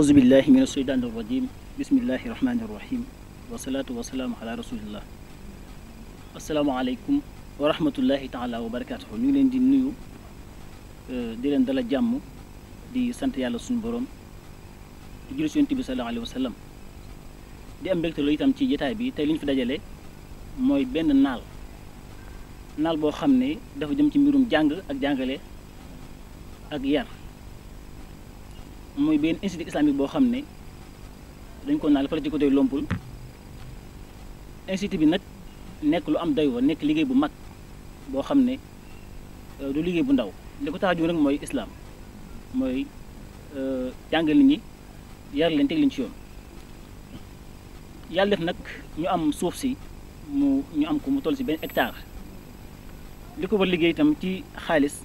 ahousu billahi min asheytaani irrajim bismillahi irahmani irrahim wasalaatu wasalaamu ala rasulillah asalaamaaleykum wa rahmatullahi taala wa barakatuhu ñu ngi leen di nuyu eh, di leen dala jàmm di sant yàlla suñu boroom di julli yonent bi sallallahu alayhi di am mbégte loolu itam ci jataay bi tey li ñu fi dajale mooy benn naal naal boo xam ne dafa jëm ci mbirum jàng ak jàngale ak yar mooy benn institut islamique boo xam ne dañ ko naan fële ci côté Lompul institut bi nag nekk lu am doy wa nekk liggéey bu mag boo xam ne euh, du liggéey bu ndaw li ko tax a nag mooy islam mooy euh, jàngal nit ñi yar leen teg leen ci yoon yàlla def nag ñu am suuf si mu ñu am ko mu toll si benn hectare li ko war liggéey itam ci xaalis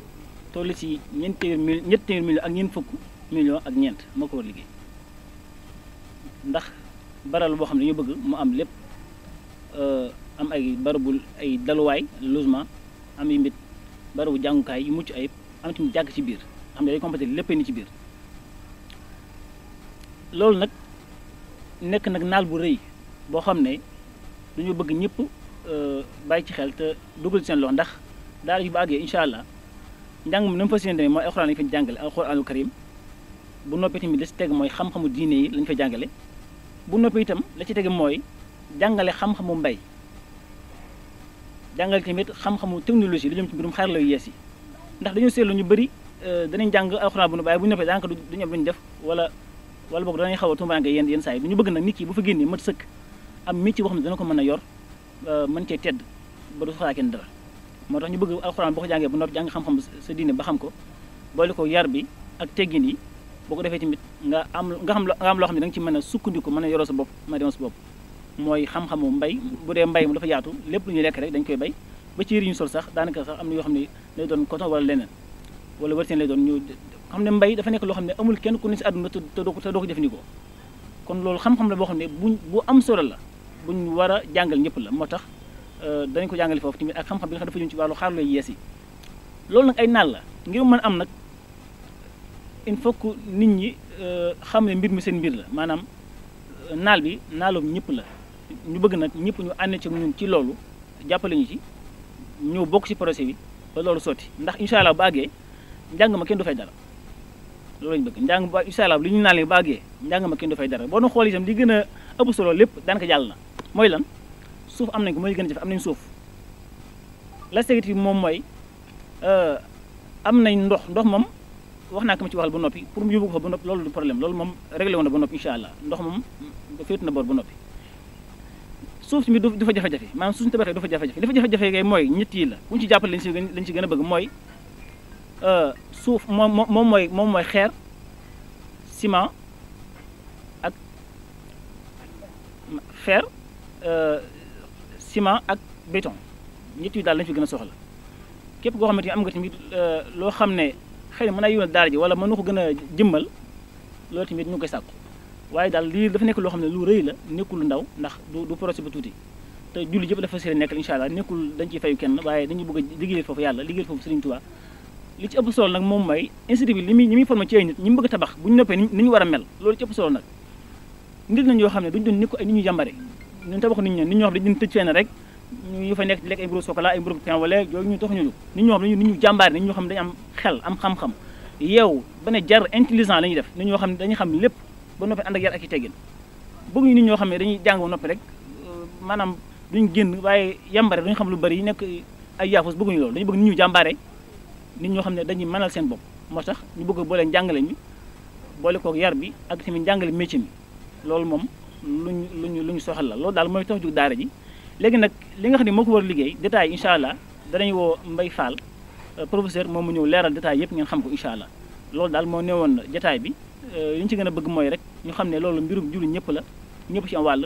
toll si ñeenti téeméer mil ñetti téeméer ak ñeent fukk. million ak ñeent moo ko war liggéey ndax baral boo xam ne ñu bëgg mu am lépp euh, am ay barabu ay daluwaay logement am yi mbit barabu jàngukaay yu mucc ayib am tamit jàkk ci biir am ne day complété lépp ni ci biir loolu nag nekk nag naal bu rëy boo xam ne ñu bëgg ñëpp euh, bàyyi ci xel te dugal seen loxo ndax daal yu ba àggee incha allah njàng mi na mu fas yéene demee mooy alxuraan yi fa jàngale alxuraanul karim bu noppee tamit la ci teg mooy xam-xamu diine yi lañ fa jàngale bu noppee itam la ci teg mooy jàngale xam-xamu mbay jàngale tamit xam-xamu technologie lu jëm ci mbirum xarala yu yees yi ndax dañoo seetlu ñu bëri euh, danañ jàng alxuraan bu nu bàyyi bu ñu noppee daanaka duñu am ñu def wala wala boog danañ xaw a tumbaanke yenn yenn saa yi du ñu bëgg nag nit kii bu fa génnee mat sëkk am métier boo xam dana ko mën a yor euh, mën cee tedd ba du soxlaa kenn dara moo tax ñu bëgg alxuraan boo ko jàngee bu noppi jàng xam-xam sa diine ba xam ko boole ko yar bi ak teggin yi boo ko defee tamit nga am nga xam nga am loo xam ne da nga ci mën a sukkandiku mën a yoroo sa bopp mën a demoon sa bopp mooy xam-xamu mbay bu dee mbay mu dafa yaatu lépp lu ñuy lekk rek dañ koy bay ba ci yëri ñu sol sax daanaka sax am na yoo xam ne lay doon coton wala leneen wala wërteen lay doon ñu xam ne mbay dafa nekk loo xam ne amul kenn ku ne si àdduna te doo ko te doo ko kon loolu xam la boo xam ne buñ bu am solo la ñu war a jàngal ñëpp la moo tax euh, dañ ko jàngale foofu tamit ak xam-xam bi nga dafa jëm ci wàllu xaar looy yees yi loolu nag ay naal la ngir mën am nag il faut que nit ñi euh, xam ne mbir mi seen mbir la maanaam euh, naal bi naaloom ñëpp la ñu bëgg nag ñëpp ñu ànd ci ñun ci loolu jàppale ñu ci ñëw bokk ci projet bi ba loolu sotti ndax incha allah bu àggee njàng ma kenn du fay dara loolu lañ bëgg njàng ba incha li ñu naan bu àggee njàng ma kenn du fay dara boo doon xool itam li gën a ëpp solo lépp daanaka jàll na mooy lan suuf am nañ ko mooy gën a jafe am nañ suuf la sécurité moom mooy euh, am nañ ndox ndox moom. wax naa ko ma ci waxal ba noppi pour mu yóbbu ko fa ba noppi loolu du problème loolu moom réglé woon noppi incha allah ndox moom féet na boor ba noppi suuf tamit du fa jafe-jafe maanaam suñu tabaxee du fa jafe-jafe jafe kay mooy ñett yi la bu ci jàppale lañ si lañ si gën a bëgg mooy euh, suuf moom moom mooy moom mooy xeer ciment ak fer euh, ciment ak béton ñett yi daal lañ fi gën a soxla képp koo xamante ti am nga tamit euh, loo xam ne xay na a naa yónnee daara ji wala mënu ko gën a jëmmal loolu tamit ñu ngi koy sàkku waaye daal lii dafa nekk loo xam ne lu rëy la nekkul lu ndaw ndax du du projet bu tuuti te julli yëpp dafa seen nekkal incha allah nekkul dañ ciy fayu kenn waaye dañuy bëgg a liggéeyal yàlla liggéeyal foofu Serigne Touba li ci ëpp solo nag moom mooy institut bi li muy ñi muy formé ci ay nit ñi mu bëgg tabax bu ñu noppee ni ñu war a mel loolu ci ëpp solo nag nit nañ yoo xam ne duñ doon ni ko ay nit ñu jàmbare ñun tabax nit ñi nit ñoo xam ne dañ tëj fenn rek ñu fa nekk di lekk ay mburu chocolat ay mburu wala yooyu ñu tax ñu nit ñoo xam ne nit ñu jàmbaar nit ñoo xam ne am xel am xam yow ba ne jar intelligent la def nit ñoo xam ne dañuy xam lépp ba noppi ànd ak yar ak i teggin bëgg ñu nit ñoo xam ne dañuy jàng ba rek euh, maanaam duñ génn waaye yambare duñ xam lu bari yi nekk ay yaafus bëgguñu loolu dañu bëgg nit jàmbaare nit ñoo xam ne dañuy mënal seen bopp moo tax ñu bëgg boole njàngale mi boole kook yar bi ak tamit njàngale métier mi loolu moom lu ñu lu ñu soxal la loolu daal mooy tax jug daara ji léegi nag li nga xam ne moo ko war liggéey détail incha allah danañ woo Mbaye Fall euh, professeur moom mu ñëw leeral détail yëpp ngeen xam ko incha allah loolu daal moo woon jotaay bi euh, li ñu ci gën a bëgg mooy rek ñu xam ne loolu mbirum jullit ñëpp la ñëpp ci am wàll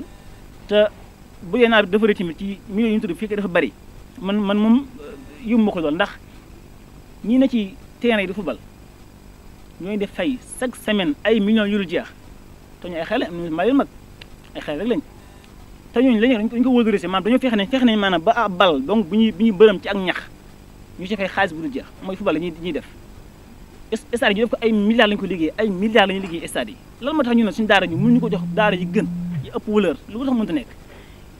te bu naa bi dafa rëy tamit ci milieu yu ñu tudd fii dafa bari man man moom euh, yëngu ma ko lool ndax ñi na ci terrain yi di football ñooy def fay chaque semaine ay millions yu dul jeex te ñu ay ma leen mag rek lañ. te ñooñu lañu dañ ko wëlbëri si maanaam dañoo fexe ne fexe nañ maanaam ba ab bal donc bu ñu bu ñuy ak ñax ñu ci fay xaalis bu dul jeex mooy football la ñuy def stade yi ñu def ko ay milliards lañ ko liggéey ay milliards lañu liggéey stade yi lan moo tax ñu ne suñu daara ñu mën ñu ko jox daara yi gën yi ëpp valeur lu tax mënta nekk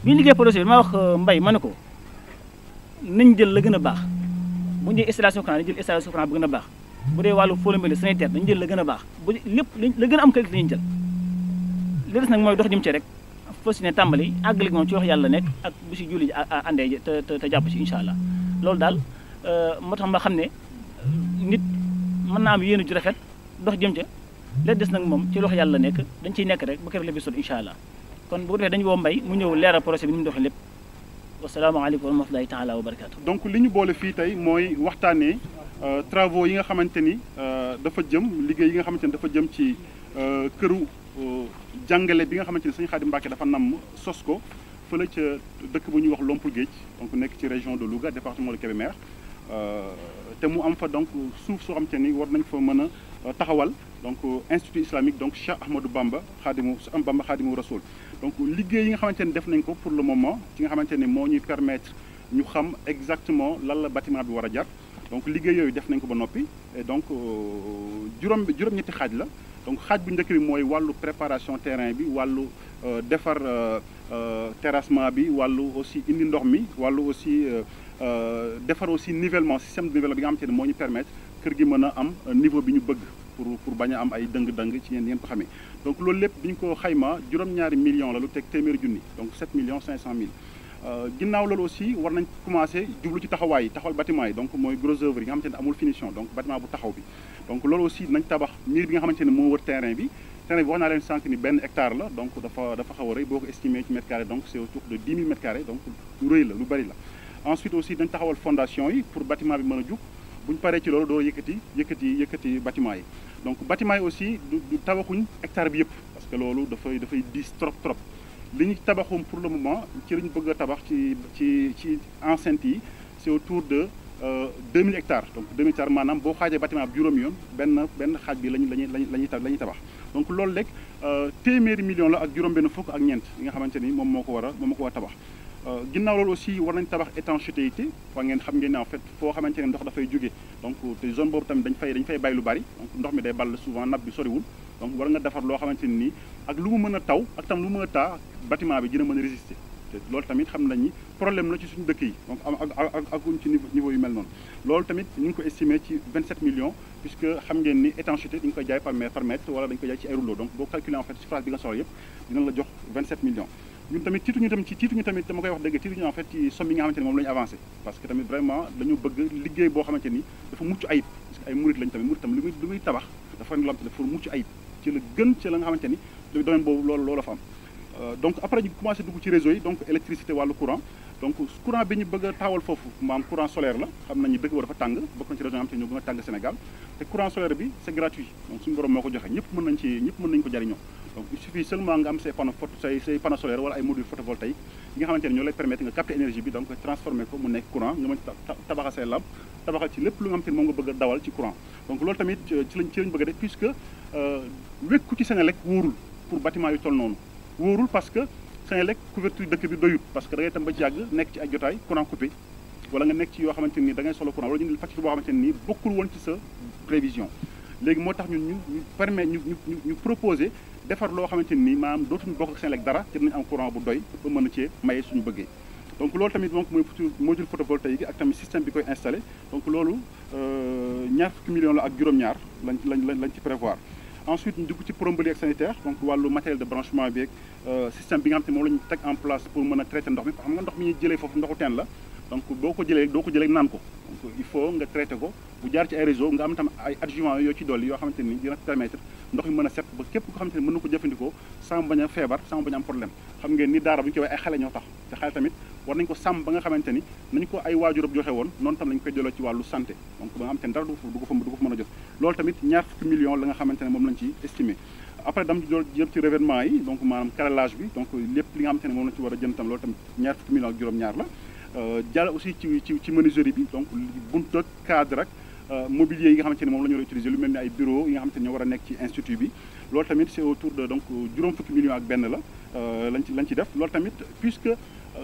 bi ñu liggéey projet bi maa wax euh, mbay ma ne ko nañ jël la gën a baax bu ñu dee installation courant dañ jël installation courant bu gën a baax bu dee wàllu folombele sanitaire dañ jël la gën a baax bu lépp la gën a am qualité lañuy jël li des nag mooy dox jëm ci rek fas ne tàmbali àggalik moom ci wax yàlla nekk ak bu si julli àndee te te jàpp ci incha allah loolu daal euh, moo tax ma xam ne nit mën naa am yéen ju rafet dox jëm ca la des nag moom ci loxo yàlla nekk dañ ci nekk rek ba keroog la bi sot allah kon bu ko defee dañu woo mbay mu ñëw leeral projet bi ni mu doxee lépp wasalaamaaleykum wa rahmatulahi taala wa barakaatu. donc li ñu boole fii tey mooy waxtaanee euh, travaux yi nga xamante ni euh, dafa jëm liggéey yi nga xamante ni dafa jëm ci këru. Euh, jàngale bi nga xamante ni sëñ Xaadim Mbàkke dafa nam sos ko fële ca dëkk bu ñuy wax Lompul Géej donc nekk ci région de Louga département de Kébémer euh, te mu am fa donc suuf soo xam xamante ni war nañ fa mën a euh, taxawal donc institut islamique donc Cheikh Ahmadou Bamba xaadimu am Bamba xaadimu rasul donc liggéey yi nga xamante def nañ ko pour le moment ci nga xamante ni moo ñuy permettre ñu xam exactement lan la bâtiment bi war a jar donc liggéey yooyu def nañ ko ba noppi donc juróom juróom-ñetti xaaj la donc xaaj bu njëkk bi mooy wàllu préparation terrain bi wàllu euh, defar euh, euh, terrassement bi wàllu aussi indi ndox mi wallu aussi defar aussi nivellement système de nivellement bi nga xamante ne moo ñu permettre kër gi mën a am niveau bi ñu bëgg pour pour bañ a am ay dëng-dëng ci yéen yéen ko xamee donc loolu lépp bi ñu ko xayma juróom-ñaari millions la lu teg téeméeri junni donc 7 millions 500 Euh, ginnaaw loolu aussi war nañ commencé jublu ci taxawaay yi taxawal bâtiment yi donc mooy gros œuvre yi nga xamante ne amul finition donc bâtiment bu taxaw bi donc loolu aussi nañ tabax miir bi nga xamante ne moo wër terrain bi terrain bi wax naa leen sànq ni benn hectare la donc dafa dafa a rëy boo ko estimé ci mètre carré donc c'est autour de 10 000 mètres carrés donc lu rëy la lu bari la ensuite aussi dañ taxawal fondation yi pour bâtiment bi m a jug bu ñu paree ci loolu doo yëkkati yëkkati yëkkati bâtiment yi donc bâtiment yi aussi du tabaxuñ hectare bi yëpp parce que loolu dafay dafay diis trop trop li ñu tabaxum pour le moment ci la ñu bëgg a tabax ci ci ci enceinte yi c'est autour de 2000 euh, hectares donc 2000 hectares maanaam boo xaajee bâtiment bi juróomi yoon benn benn xaaj bi lañu lañu lañu la ñuy tabax donc loolu rek euh, téeméeri million la ak juróom-benn fukk ak ñeent yi nga xamante ni moom moo ko war a moom moo ko war a tabax. Euh, ginnaaw loolu aussi war nañ tabax étanchéité fa ngeen xam ngeen ne en fait foo xamante ne ndox dafay jóge donc te zone boobu dañ fay dañ fay bàyyi lu bari donc ndox mi day ball souvent nappe bi soriwul. donc war nga defar loo xamante ni nii ak lu mu mën a taw ak tam lu mu mën a taa bâtiment bi dina mën résister te tamit xam nañ problème la ci suñu dëkk yi donc am ak ak akuñ ci niveau yu mel noonu loolu tamit ñu ngi ko estimé ci 27 millions puisque xam ngeen ni étanchéité dañu koy jaay par par mètre wala dañu koy jaay ci ay rouleau donc boo calculé en fait surface bi nga soxla yëpp dina la jox 27 millions tamit tiituñu tamit ci tiituñu tamit dama koy wax dëgg tiituñu en fait ci ni moom la ñu avancé parce que tamit vraiment dañu bëgg liggéey ci la gën ci la nga xamante ni domaine boobu loolu loolu fa am euh, donc après ñu commencé dugg ci réseau yi donc électricité wàllu courant donc courant bi ñu bëgg a taawal foofu maam courant solaire la xam nañu dëkk war dafa tàng bokk na ci région am te ñoo gën a tàng Sénégal te courant solaire bi c'est gratuit donc suñu borom moo ko joxe ñëpp mën nañ ci ñëpp mën nañu ko jariñoo donc il suffit seulement nga am say panneaux photo say say panneaux solaires wala ay modules yi nga xamante ne ñoo lay permettre nga capter énergie bi donc transformer ko mu nekk courant nga mën tabaxal say lampe tabaxal ci lépp lu nga xamante ne moom nga bëgg dawal ci courant donc loolu tamit euh, ci lañ bëgg a def puisque euh, ci Senelec wóorul pour bâtiment yu toll noonu wóorul parce que Senelec couverture dëkk bi doyut parce que da ngay tam ba ci yàgg nekk ci ay jotaay xamante ni da ngay solo courant wala ñu ne facture moo tax ñun ñu ñu permet ñu ñu defar loo xamante ni maanaam dootuñu bokk ak Senelec dara te dinañ am courant bu doy ba mën a cee maye suñu bëggee donc loolu tamit donc mooy module photovoltaïque ak tamit système bi koy installé donc loolu euh, ñaar fukki millions la ak juróom-ñaar lañ lañ ci prévoir. ensuite ñu dugg ci plomberie ak sanitaire donc wàllu matériel de branchement bi ak euh, système bi nga xam te moom la teg en place pour mën a traiter ndox mi parce xam nga ndox mi ñuy jëlee foofu ndoxu la. donc boo ko jëlee doo ko jëlee naan ko donc il faut nga traité ko bu jaar ci ay réseau nga am tam ay adjuvant yoo ci dolli yoo xamante ni dina permettre ndox mi mën a set ba ko xamante na ko jëfandikoo sans bañ a a am problème xam bu ñu koy wax ay xale war nañu ko sàmm nga xamante ni nañu ko ay waajurab joxe woon noonu tam lañu koy delloo ci wàllu santé donc ba nga xamante a jot loolu tamit ñaar fukki millions moom lañ ci estimé yi donc maanaam carrelage bi donc lépp li nga xamante ne moom lañ a jëm tam loolu tamit ñaar fukki ak juróom-ñaar la Euh, jàll aussi ci ci ci menuiserie bi donc buntu ak cadre ak euh, mobilier yi nga xamante ne moom la ñu war a utiliser lu mel ni ay bureau yi nga xamante ne ñoo war nekk ci institut bi loolu tamit c'est autour de donc juróom fukki millions ak benn la euh, lañ ci def loolu tamit puisque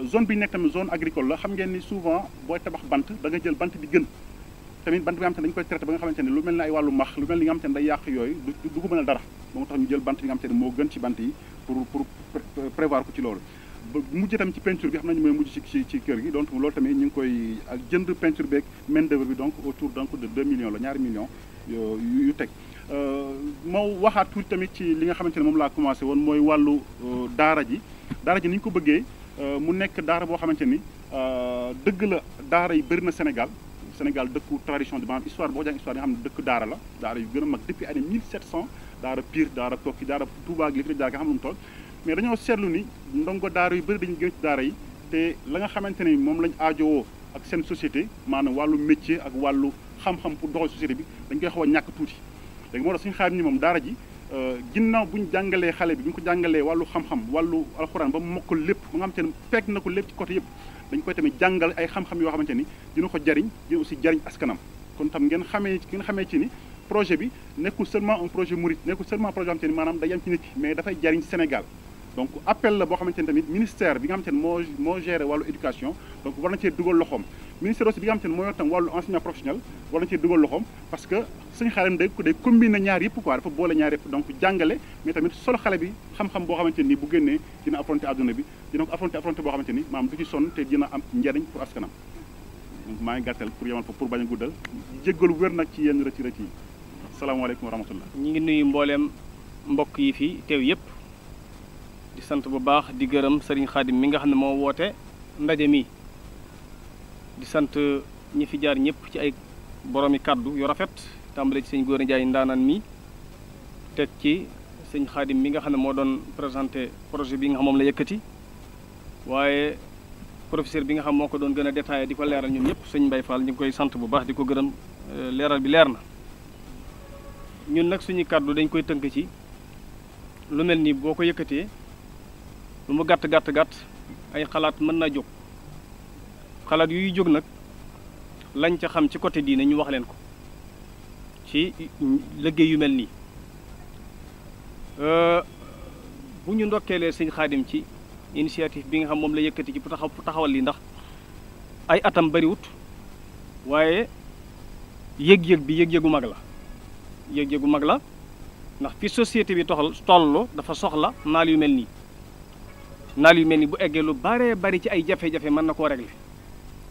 zone bi ñu nekk tamit zone agricole la xam ngeen ni souvent booy tabax bant da jël bant bi gën tamit bant bi nga xamante ne dañu koy traité ba nga xamante ne lu mel ni ay wàllu max lu mel ni nga xamante ne day yàq yooyu du ko mën a dara moo tax ñu jël bant bi nga moo gën ci bant yi pour pour ko ci loolu ba mujj tam ci peinture bi xam nañu mooy mujj ci ci ci kër gi donc loolu tamit ñu ngi koy ak jënd peinture beeg main d'œuvre bi donc autour donc de 2 millions la ñaari millions yu teg euh, ma waxaat tuuti tamit ci li nga xamante ne moom laa commencé woon mooy wàllu euh, daara ji daara ji ni ñu ko bëggee euh, mu nekk daara boo xamante ni dëgg la daara yi bëri na Sénégal Sénégal dëkku tradition bi maanaam histoire boo jàng histoire yi nga xam ne dëkk daara la daara yu gën a mag depuis année 1700 daara Pire daara Koki daara Touba ak li fi daara mais dañoo seetlu ni ndongo daara yu bëri dañu gën ci daara yi te la nga xamante ne moom lañ aajowoo ak seen société maanaam wàllu métier ak wàllu xam-xam pour doxal société bi dañ koy xaw ñàkk tuuti léegi moo suñu xaar ni moom daara ji euh, ginnaaw bu ñu jàngalee xale bi ñu ko jàngalee wàllu xam-xam wàllu alxuraan ba mokk lépp ba nga xamante ne fekk na ko lépp côté yëpp dañ koy tamit jàngal ay xam-xam yoo xamante ni dina ko jariñ dina aussi jariñ askanam kon tam ngeen xamee ngeen xamee ci ni projet bi nekkul seulement un projet mouride nekkul seulement projet maanaam day yem ci nit mais dafay jariñ Sénégal donc appel la boo xamante ne tamit ministère bi nga xamante ne moo moo géré wàllu éducation donc war na cee dugal loxoom ministère aussi bi nga xamante ne moo yor tam wàllu enseignement professionnel war na cee dugal loxoom parce que suñu xale day day combiner ñaar yëpp quoi dafa boole ñaar yëpp donc jàngale mais tamit solo xale bi xam-xam boo xamante ni bu génnee dina affronter àdduna bi dina ko affronter affronter boo xamante ni maam du ci sonn te dina am njariñ pour askanam maa ngi gàttal pour yemal pour bañ a guddal jéggalu wér nag ci yenn rëcc rëcc yi asalaamaaleykum wa ñu ngi nuyu mbooleem mbokk yi fii teew yëpp di sant bu baax di gërëm sëriñ xaadim mi nga xam ne moo woote ndaje mi di sant ñi fi jaar ñëpp ci ay boroomi kàddu yu rafet tàmbale ci sëñ góor jaay ndaanaan mi teg ci sëñ xaadim mi nga xam ne moo doon présenté projet bi nga xam moom la yëkkati waaye professeur bi nga xam moo ko doon gën a détaillé di ko leeral ñun ñëpp sëñ Mbay Fall ñu ngi koy sant bu baax di ko gërëm euh, leeral bi leer na ñun nag suñu kàddu dañ koy tënk ci lu mel ni boo ko yëkkatee lu mu gàtt gàtt gàtt ay xalaat mën naa jóg xalaat yuy jóg nag lañ ca xam ci côté diine ñu wax leen ko ci liggéey yu mel nii euh, bu ñu ndokkeelee sëñ xaadim ci initiative bi nga xam moom la yëkkati ci bu taxaw bu taxawal lii ndax ay atam bariwut waaye yëg-yëg bi yëg-yëgu mag la yëg-yëgu mag la ndax fi société bi toxal toll dafa soxla naal yu mel nii naal yu mel ni bu eggee lu baree bari ci ay jafe-jafe mën na koo régler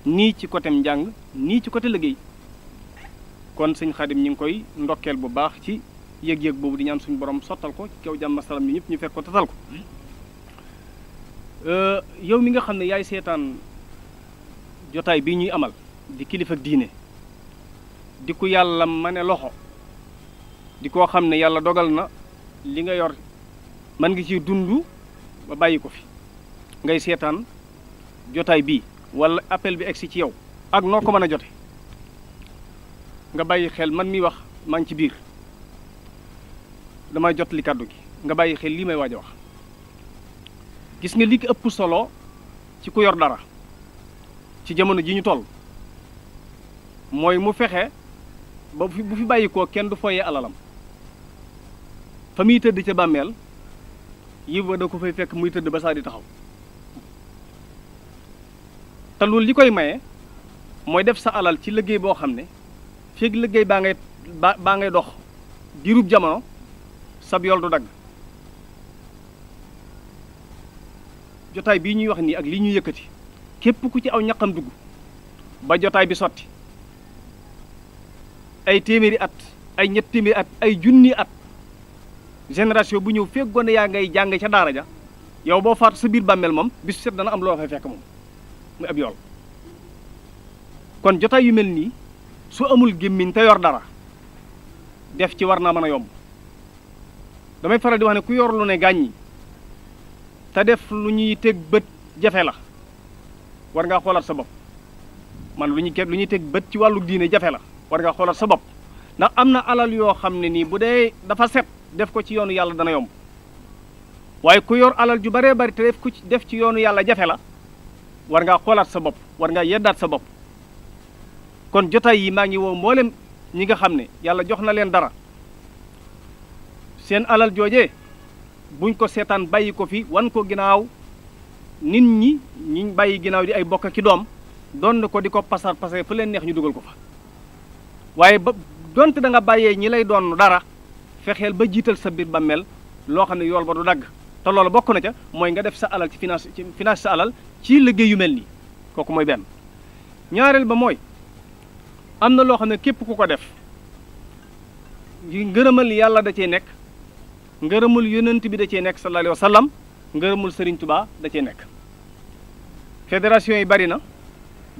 nii ci côté njàng nii ci côté liggéey kon sëñ Xaadim ñi ngi koy ndokkeel bu baax ci yëg-yëg boobu di ñaan suñu borom sottal ko ci kaw jàmm salaam ñi ñu fekk ko tatal ko yow mi nga xam ne yaay seetaan jotaay bii ñuy amal di kilifa diine di ku yàlla ma ne loxo di koo xam ne yàlla dogal na li nga yor mën ngi ci dund ba bàyyi ko fi ngay seetaan jotaay bii wala appel bi egsi ci yow ak noo ko mën a jote nga bàyyi xel man mi wax maa ngi ci biir damay jot li kàddu gi nga bàyyi xel lii may waaj wax gis nga li ko ëpp solo ci ku yor dara ci jamono ji ñu toll mooy mu fexe ba bu fi bàyyi koo kenn du foye alalam fa muy tëdd ca bàmmeel yii ba da ko fay fekk muy tëdd ba saa di taxaw te loolu li koy maye mooy def sa alal ci liggéey boo xam ne fii ak liggéey baa ngay baa ngay dox diirub jamono sab yool du dagg jotaay bii ñuy wax nii ak li ñuy yëkkati képp ku ci aw ñaqam dugg ba jotaay bi sotti ay téeméeri at ay ñett téeméeri at ay junni at génération bu ñëw fekk gone yaa ngay jàng ca daara ja yow boo faatu sa biir bàmmeel moom bis set dana am loo fay fekk moom muy ab kon jotaay yu mel nii su amul gémmiñ te yor dara def ci war naa mën a yomb damay faral di wax ne ku yor lu ne gàññi te def lu ñuy teg bët jafe la war ngaa xoolaat sa bopp man lu ñuy ke lu ñuy teg bët ci wàllu diine jafe la war ngaa xoolaat sa bopp ndax am na alal yoo xam ne nii bu dee dafa set def ko ci yoonu yàlla dana yomb waaye ku yor alal ju baree bari te def ku def ci yoonu yàlla jafe la war ngaa xoolaat sa bopp war ngaa yeddaat sa bopp kon jotaay yi maa ngi woo mboolem ñi nga xam ne yàlla jox na leen dara seen alal joojee buñ ko seetaan bàyyi ko fi wan ko ginnaaw nit ñi ñi bàyyi ginnaaw di ay bokk ki doom doon na ko di ko pasar pasar fu leen neex ñu dugal ko fa waaye ba donte da nga bàyyee ñi lay doon dara fexeel ba jiital sa biir ba mel loo xam ne yool ba du dagg te loolu bokk na ca mooy nga def sa alal ci finance ci finance sa alal ci liggéey yu mel nii kooku mooy benn ñaareel ba mooy am na loo xam ne képp ku ko def ngërëmal yàlla da cee nekk ngërëmul yonent bi da cee nekk sa alayhi wa sallam ngërëmul Serigne Touba da cee nekk fédération yi bari na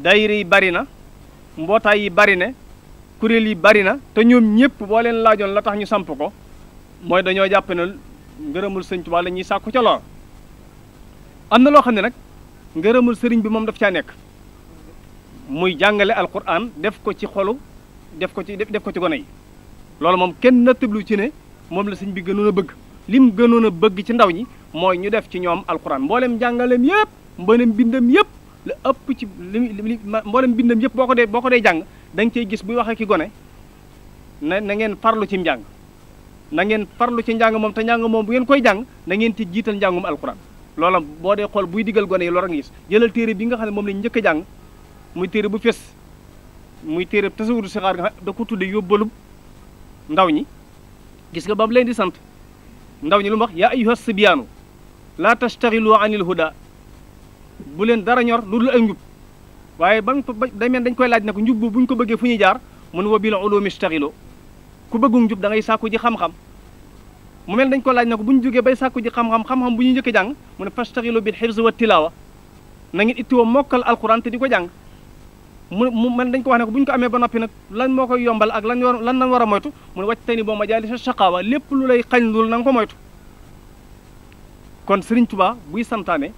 daayira yi bari na mbootaay yi bari na kuréel yi bari na te ñoom ñëpp boo leen laajoon la tax ñu samp ko mooy dañoo jàpp ngërëmul sëñ Tuubaa la ñuy sàkku ca loola am na loo xam ne nag ngërëmul sëriñ bi moom daf caa nekk muy jàngale alquran def ko ci xolu def ko ci def ko ci gone yi loolu moom kenn na nattablu ci ne moom la sëñ bi gënoon a bëgg lim gënoon a bëgg ci ndaw ñi mooy ñu def ci ñoom alquran mboolem jàngaleem yëpp mboolem bindam yëpp la ëpp ci li mboolem bindam yëpp boo ko dee boo ko dee jàng da nga gis buy wax ki gone na na ngeen farlu ci njàng na ngeen farlu ci njàng moom te njàng moom bu ngeen koy jàng na ngeen ci jiital njàngum alquran loola boo dee xool buy digal gone yi loolu nga jëlal téere bi nga xam ne moom lañ njëkk a muy téere bu fes muy téere tasawudu sixaar nga da ko tudde yóbbalub ndaw ñi gis nga ba leen di sant ndaw ñi lu mu wax yaa ayyuha sibiyaanu laa tastaxilu anil huda bu leen dara ñor lu dul ak njub waaye ba mu dañ koy laaj ne ko njub bu buñ ko bëggee fu ñuy jaar mun wa bil ulumi staxilo ku bëggum jub da ngay sàkku ji xam-xam mu mel dañ ko laaj na ko bu ñu jógee bay sàkku ji xam-xam xam-xam bu ñuy njëkk jàng mu ne fastaxilu bil xifz wa tilawa na ngeen ittiwoo mokkal alquran di ko jàng mu mu mel dañ ko wax ne bu ñu ko amee ba noppi nag lan moo koy yombal ak lan war lan lan war moytu mu ne wàcc tey ni boo ma jaali sa shaqaawa buy santaane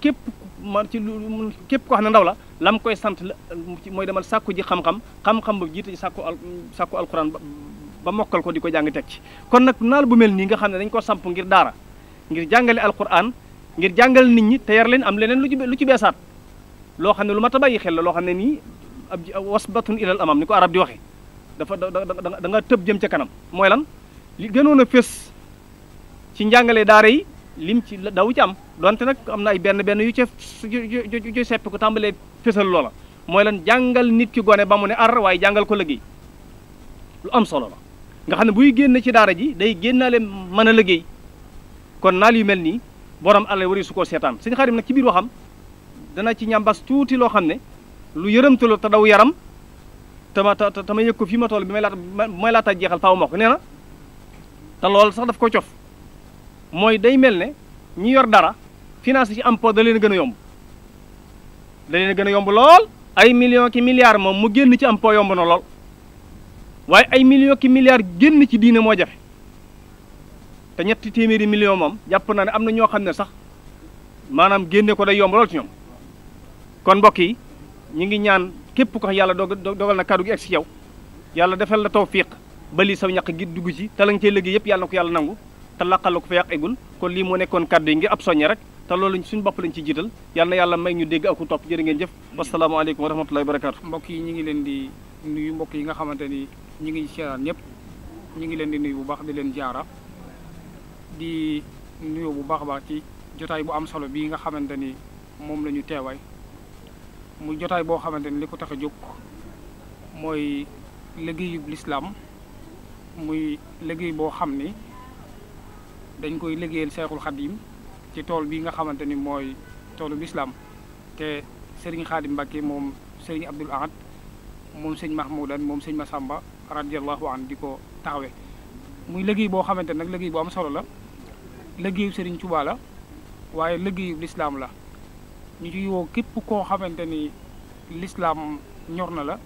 képp man lu képp koo xam ne ndaw la lam koy sant la mooy demal sàkku ji xam-xam xam ba jiite ji sàkku al sàkku alquran ba mokkal ko di ko jàng teg ci kon nag naal bu mel nii nga xam ne dañ ko samp ngir daara ngir jàngale alquran ngir jàngal nit ñi te yar leen am leneen lu ci lu ci beesaat loo xam ne lu ma a bàyyi xel la loo xam ne nii ab wasbatun ilal amam ni ko arab di waxee dafa da da nga tëb jëm ca kanam mooy lan li gënoon a fés ci njàngale daara yi lim ci daw ci am donte nag am na ay benn benn yu ca ju seppi ko tàmbalee fésal loola mooy lan jàngal nit ki gone ba mu ne ar waaye jàngal ko liggéey lu am solo nga xam ne buy génn ci daara ji day génnaale mën a liggéey kon naal yu mel nii borom àll wari su koo seetaan suñu xarim na ci biir waxam dana ci ñàmbas tuuti loo xam ne lu yërëmtaloo ta daw yaram tama ta tama yëg ko fii ma toll bi may laata bi may laata jeexal faaw ma ko nee na te loolu sax daf ko cof mooy day mel ne ñi yor dara finance ci am po da leen gën a yomb da leen gën a yomb lool ay millions ki milliards moom mu génn ci am po yomb na lool waaye ay millions ki milliards génn ci diine moo jafe te ñetti téeméeri million moom jàpp naa ne am na ñoo xam ne sax maanaam génne ko day yomb lool ci ñoom kon mbokk yi ñu ngi ñaan képp ko yàlla dogal na kàddu gi egg si yow yàlla defal la tawfiq ba lii saw ñaq gi dugg ci te la nga cey liggéey yëpp yàlla na ko yàlla nangu te laqal la ko fa yàq eggul kon lii moo nekkoon kàddu yi ngir ab soññe rek te loolu suñu bopp lañ ci jiital yàlla na yàlla may ñu dégg ak ku topp jërë ngeen jëf wasalaamaaleykum wa rahmatullahi wa barakaatu mbokk yi ñu ngi leen di mbokk yi nga xamante ni ñu ngi seetaan ñëpp ñu ngi leen di nuyu bu baax di leen jaara di nuyu bu baax a baax ci jotaay bu am solo bii nga xamante ni moom lañu teewaay muy jotaay boo xamante ni li ko tax a jóg mooy liggéeyub lislaam muy liggéey boo xam ni dañ koy liggéeyal Seexul Xadim ci tool bii nga xamante ni mooy toolu lislaam te Serigne Khadim Mbacke moom Serigne Abdoul Ahad moom sëñ Mahmoudan moom sëñ Massamba radiallahu an di ko taxawee muy liggéey boo xamante nag liggéey bu am solo la liggéeyu sëriñ Touba la waaye liggéeyu lislaam la ñu ci képp koo xamante ni lislaam ñor na la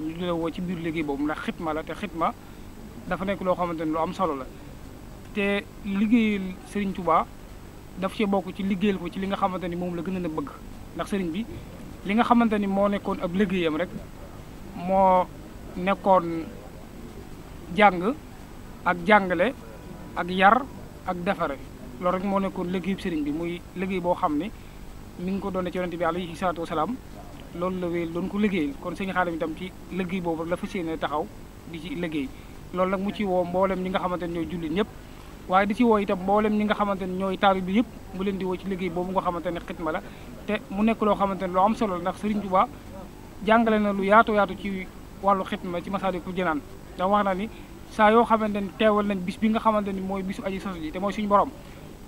ñu di woo ci biir liggéey boobu ndax xitma la te xitma dafa nekk loo xamante ni lu am solo la te liggéeyal Serigne Touba daf cee bokk ci liggéeyal ko ci li nga xamante ni moom la gën a bëgg ndax sëriñ bi li nga xamante ni moo nekkoon ab liggéeyam rek moo nekkoon. jàng ak jàngale ak yar ak defare loolu rek moo nekkoon liggéeyu sëriñ bi muy liggéey boo xam ne mi ngi ko doon ci yonente bi alayhi salaatu wasalaam loolu la wéyal doon ko liggéeyal kon sëñ Xaadim itam ci liggéey boobu la fas yéene taxaw di ci liggéey loolu nag mu ci woo mboolem ñi nga xamante ne ñooy jullit ñëpp waaye di ci woo itam mboolem xamante ne ñooy taalibe bi yëpp mu leen di ci liggéey boobu nga xamante ne xitma la te mu nekk loo xamante ne lu am solo la ndax Sëriñ Tuubaa jàngale na lu yaatu yaatu ci wàllu xitma ci ku Jinaan te wax na ni saa yoo xamante ni teewal nañ bis bi nga xamante ni mooy bisu aji sosu ji te mooy suñu borom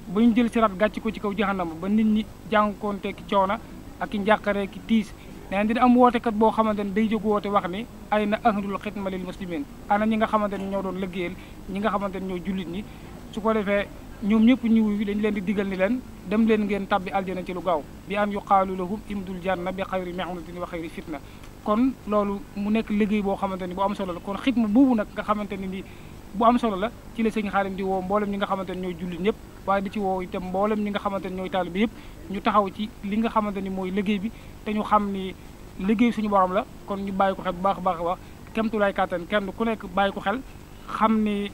ba ñu jël siraat gàcc ko ci kaw jaxanama ba nit ñi jànkoonte ki coona ak i njàqare ki tiis neen di am wootekat boo xamante ni day jóg woote wax ni ay na ak ahlul xidma lil muslimin ana ñi nga xamante ni ñoo doon liggéeyal ñi nga xamante ni ñoo jullit ñi su ko defee ñoom ñëpp ñuw yi dañ leen di diggal ni leen dem leen ngeen tabbi aljana ci lu gaaw bi am yuqaalu lahum imdul janna bi xayri mehnatin wa xayri fitna kon loolu mu nekk liggéey boo xamante ni bu am solo la kon xitma boobu nag nga xamante ni bi bu am solo la ci la sëñ Xaadim di woo mboolem ñi nga xamante ni ñooy jullit ñëpp waaye di ci woo itam mboolem ñi nga xamante ni ñooy taalibe ñu taxaw ci li nga xamante ni mooy liggéey bi te ñu xam ni liggéey suñu borom la kon ñu bàyyi ko xel bu baax a baax a baax kemtulaay kàttan kenn ku nekk bàyyi ko xel xam ni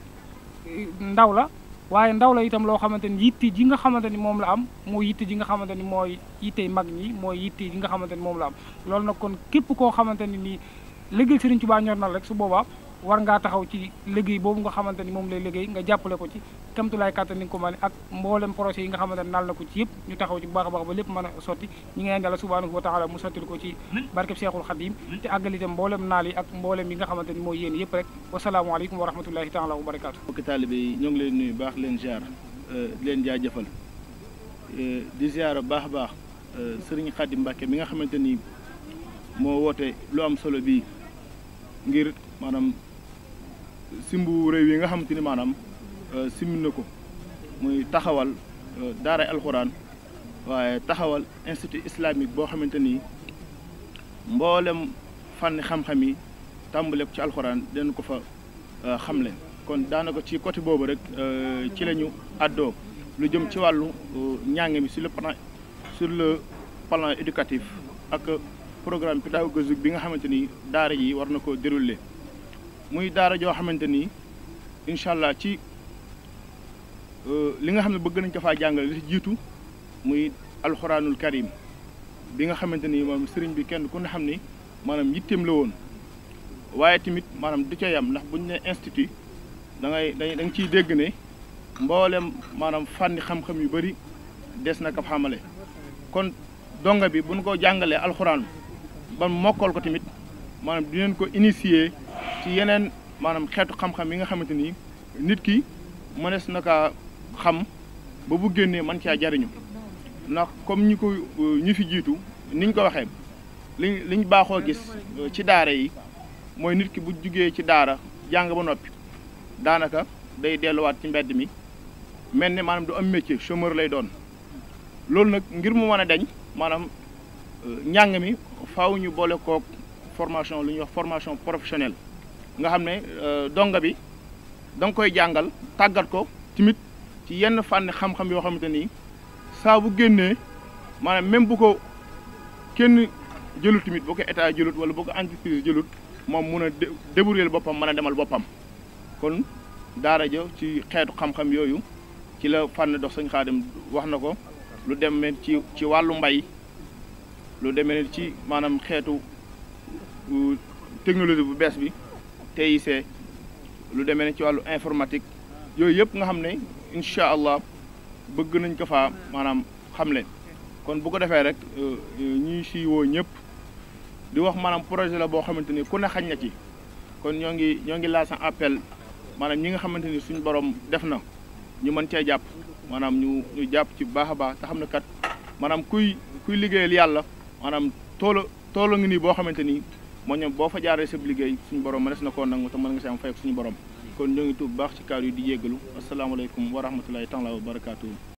ndaw la waaye ndaw la itam loo xamante ni yitte ji nga xamante ni moom la am mooy yitte ji nga xamante ni mooy yittey mag ñi mooy yitte ji nga xamante ni moom la am loolu nag kon képp koo xamante ni nii liggéey ci Tuubaa ñor na rek su boobaa war ngaa taxaw ci liggéey boobu nga xamante ni moom lay liggéey nga jàppale ko ci kamtulaay kàttan ni nga ko mën ak mboolem projet yi nga xamante ne naal na ko ci yëpp ñu taxaw ci baax a baax ba a sotti ñi ngi ñaan yàlla subhaanahu wa taala mu sottil ko ci barkeb Seexul Xadiim te àggal itam mboolem naal yi ak mboolem yi nga xamante ni mooy yéen yëpp rek wasalaamaaleykum wa rahmatullahi taala wa barakaatu mbokki taalibe yi baax leen euh, euh, baax baax euh, sëriñ Xaadim Mbàkke mi nga xamante ni moo woote lu am solo bii ngir maanaam simbu réew yi nga xamante ni maanaam euh, simb na ko muy taxawal euh, daaray alxuraan waaye taxawal institut islamique boo xamante ni mboolem fànn xam-xam yi tàmbale ci alxuraan dinañ ko fa euh, xamle kon daanaka ci côté boobu rek ci la ñu àddoo lu jëm ci wàllu njàng mi sur le plan sur le palan éducatif ak programme pédagogique bi nga xamante ni daara yi war na ko dérouler. muy daara joo xamante ni incha allah ci euh, li nga xam ne bëgg nañ ko faa jàngale li ci jiitu muy alxuraanul karim bi nga xamante ni moom sëriñ bi kenn ku ne xam ni maanaam yitteem la woon waaye tamit maanaam du ca yam ndax buñ ne institut da ngay da nga ciy dégg ne mboolem maanaam fànni xam-xam yu bëri des na ko xamale kon donga bi buñ ko jàngalee alxuraan ba mokkal ko tamit maanaam dinañ ko initier. ci yeneen maanaam xeetu xam-xam yi nga xamante ni nit ki mënees na xam ba bu génnee man caa jariñu ndax comme ñi ko ñu fi jiitu niñ ko waxee liñ liñ baaxoo gis euh, ci daara yi mooy nit ki bu jugee ci daara jàng ba noppi daanaka day delluwaat ci mbedd mi mel ne maanaam du am métier chômeur lay doon loolu nag ngir mu mën a dañ maanaam euh, njàng mi faaw ñu boole kook formation lu ñuy wax formation professionnelle nga xam ne euh, donga bi danga koy jàngal tàggat ko timit ci yenn fànn xam-xam yoo xamante ni saa bu génnee maanaam même bu ko kenn jëlut timit boo ko état jëlut wala bu ko entreprise jëlut moom mun a débrouiller boppam mën a demal boppam kon daara ja ci xeetu xam-xam yooyu ci la fànn dox sëñ Xaadim wax na ko lu demee ci ci wàllu mbay lu demee ci maanaam xeetu euh, technologie bu bees bi te TIC lu demee ne ci wàllu informatique yooyu yëpp nga xam ne incha allah bëgg nañ ko faa maanaam xam leen kon bu ko defee rek euh, euh, ñi si woo ñëpp di wax maanaam projet la boo xamante ni ku ne xañ na ci kon ñoo ngi ñoo ngi lancé appel maanaam ñi nga xamante ni suñu borom def na ñu mën cee jàpp maanaam ñu jàpp ci baax a baax te xam ne kat maanaam kuy kuy liggéeyal yàlla maanaam toolu toolu ngi nii boo xamante ni. moo ñoom boo fa jaaree sab liggéey suñu borom mënees na koo nangu te mën nga si am fay suñu borom kon ñoo ngi tuub baax ci kaar yu di yéggalu asalaamaaleykum wa rahmatulahi taala wa